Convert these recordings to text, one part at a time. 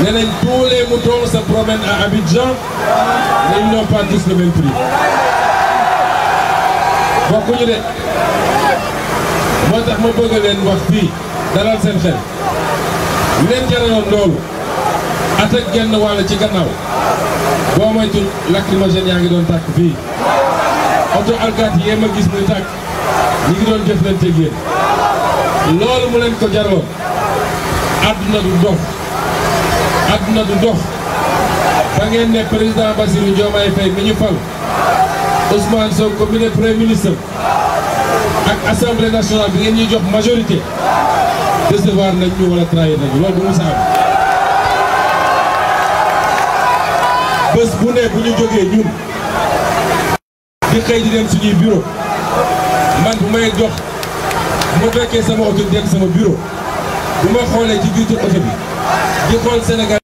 nee nañ tous les moutons se promènent à Abidjan mais ils n'ont le même prix bokkuñu de moo tax ma bëgg leen wax fii dalal seen xel li leen jaraloon loolu at genn wàll ci gannaaw boo moytul lacrymogène yaa ngi doon tàkk fii oto alkaat yee ma gis muy tàkk ñi ngi doon jëflante ak yéen loolu mu leen ko jaraloon àdduna du dof àdduna du dox ba ngeen ne président Bassirou Diomaye Faye mi ñu fal Ousmane Sonko mi ne premier ministre ak assemblée nationale bi ngeen ñuy jox majorité décevoir nañ ñu wala trahir nañu loolu du musa am bés bu ne bu ñu jógee ñun di xëy di dem suñuy bureau man bu may dox bu fekkee sama oto dem sama bureau bu ma xoolee ci biir oto bi di xool Sénégal.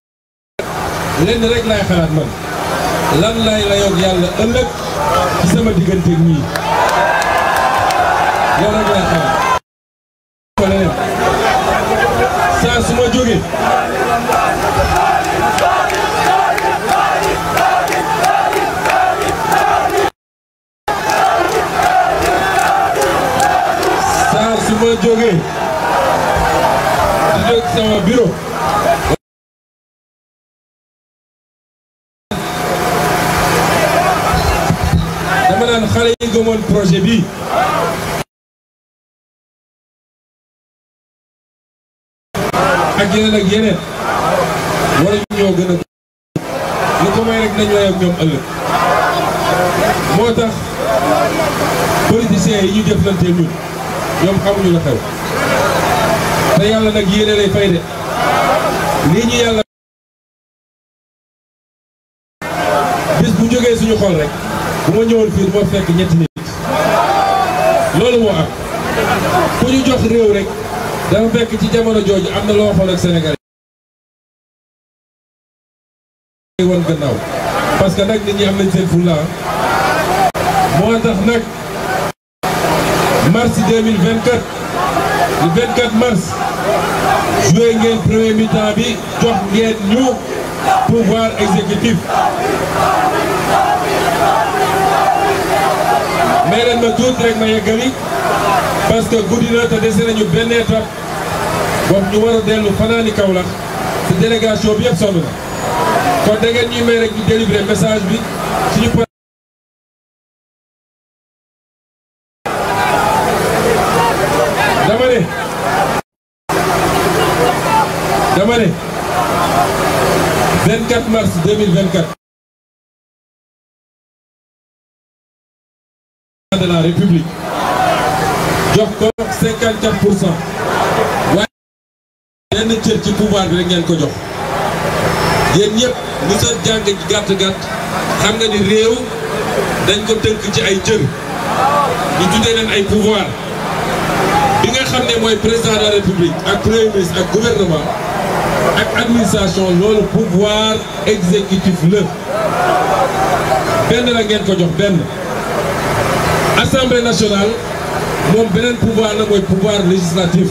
lenn rek laay xalaat man lan laay layoog yàlla ëllëg ci sama digganteeg ñii loolu rek laay xalaat. saa su ma jógee. saa su ma jógee di jóg sama bureau. dama naan xale yi gëmoon projet bi ak yeneen ak yeneen wala ñoo gën a lu ko may rek nañu waay ak ñoom moo tax politiciens yi ñu jëflante ñun ñoom xamuñu la xew te yàlla nag yéene lay fay lii ñu yàlla bis bu jógee suñu xol rek bu ma ñëwoon fii du fekk ñetti nit loolu moo am ku ñu jox réew rek dafa fekk ci jamono jooju am na loo xool ak Sénégal parce que nag am nañ seen fulla moo tax nag mars 2024 le 24 mars joué ngeen premier mi bi jox ngeen ñu pouvoir exécutif na tuuti rek ma yeggali parce que guddi na a dellu fanaani Kaolack te délégation bi yëpp de la république jox ko 54 pour cent waaye benn cër ci pouvoir bi rek ngeen ko jox yéen ñëpp lu sa jàng gàtt gàtt xam nga ni réew dañ ko tënk ci ay cër ñu tuddee leen ay pouvoir bi nga xam ne mooy président de la république ak premier ak gouvernement ak administration loolu pouvoir exécutif la benn la ngeen ko jox benn assemblée nationale moom beneen pouvoir la mooy pouvoir législatif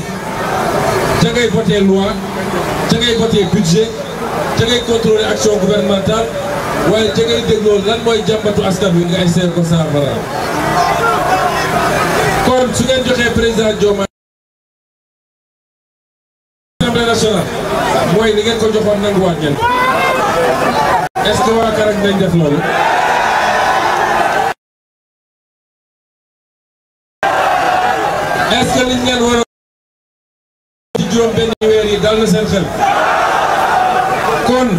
ca ngay voté loi ca ngay voté budget ca ngay contrôler action gouvernementale waaye ca ngay dégloo lan mooy jàmbatu askan wi nga ay seer ko saafara kon su ngeen joxee président Diomaye mooy li ngeen ko joxoon nanguwaat ngeen est-ce que waa def loolu est-ce que liñ leen war a ci juróom benn weer yi dal na seen xel kon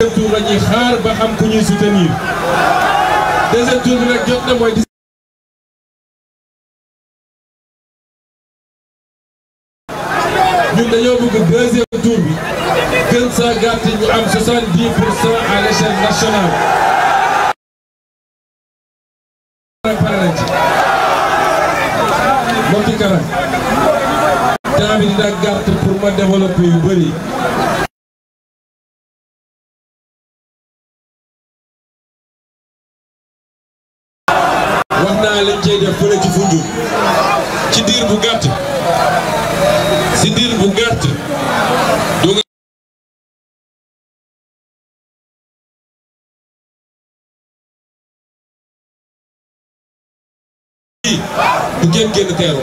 deuxième tour la ñuy xaar ba xam ku ñuy soutenir deuxième tour bi nag jot na mooy ñun dañoo bëgg deuxième tour bi gën saa gàtt ñu am 70 pour cent à l'échelle nationale. mbokki Kara temps bi gàtt pour ma développer yu bëri. wax naa lañ cey def ci Foundiougne. ci diir bu gàtt si diir bu gàtt du bu ngeen génn teeru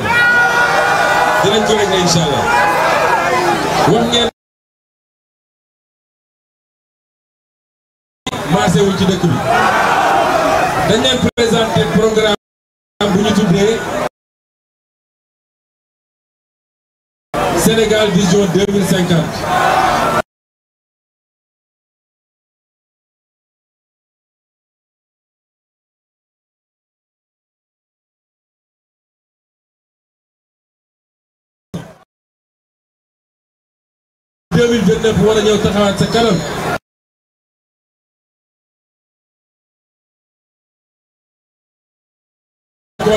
dinañ ko allah wax ngeen maase wu ci dañ leen présenté programme bu ñu Sénégal vision 2050. deux mille vingt neuf war a ñëw taxawaat sa kanam.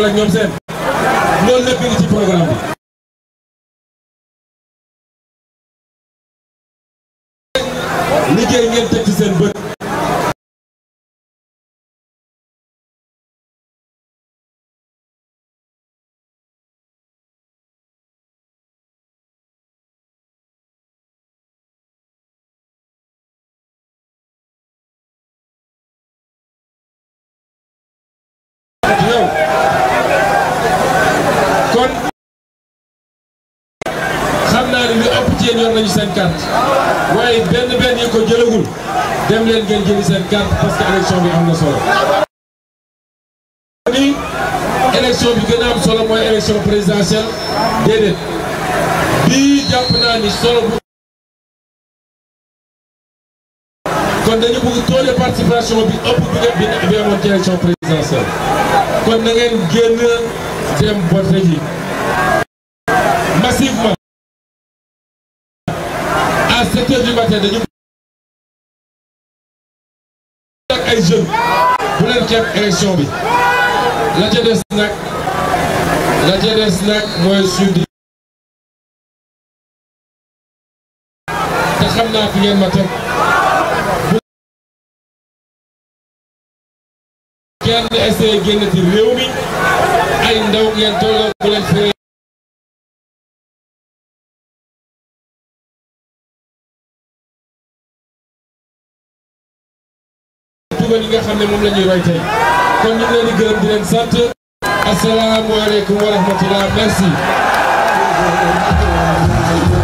ak ñoom seen. loolu lépp ngi ci programme bi. jigéen yor nañu seen carte waaye benn benn yi ko bi am na ni élection bi présidentielle déedéet bii jàpp naa ni solo kon dañu bëgg taux participation bi ëpp bi bi amoon ci présidentielle kon na ngeen génn dem vote yi massivement. à 7 heures du matin dañu ak ay jeunes bu bi la ca nag la ca nag mooy sud te fi ngeen ma teg kenn essayé génn ci réew mi ay ndaw ngeen tolloo bu leen fere ndigal yi nga xam ne moom la ñuy roy tey kon ñu ngi leen di gërëm di leen sant asalaamaaleykum wa rahmatulah merci.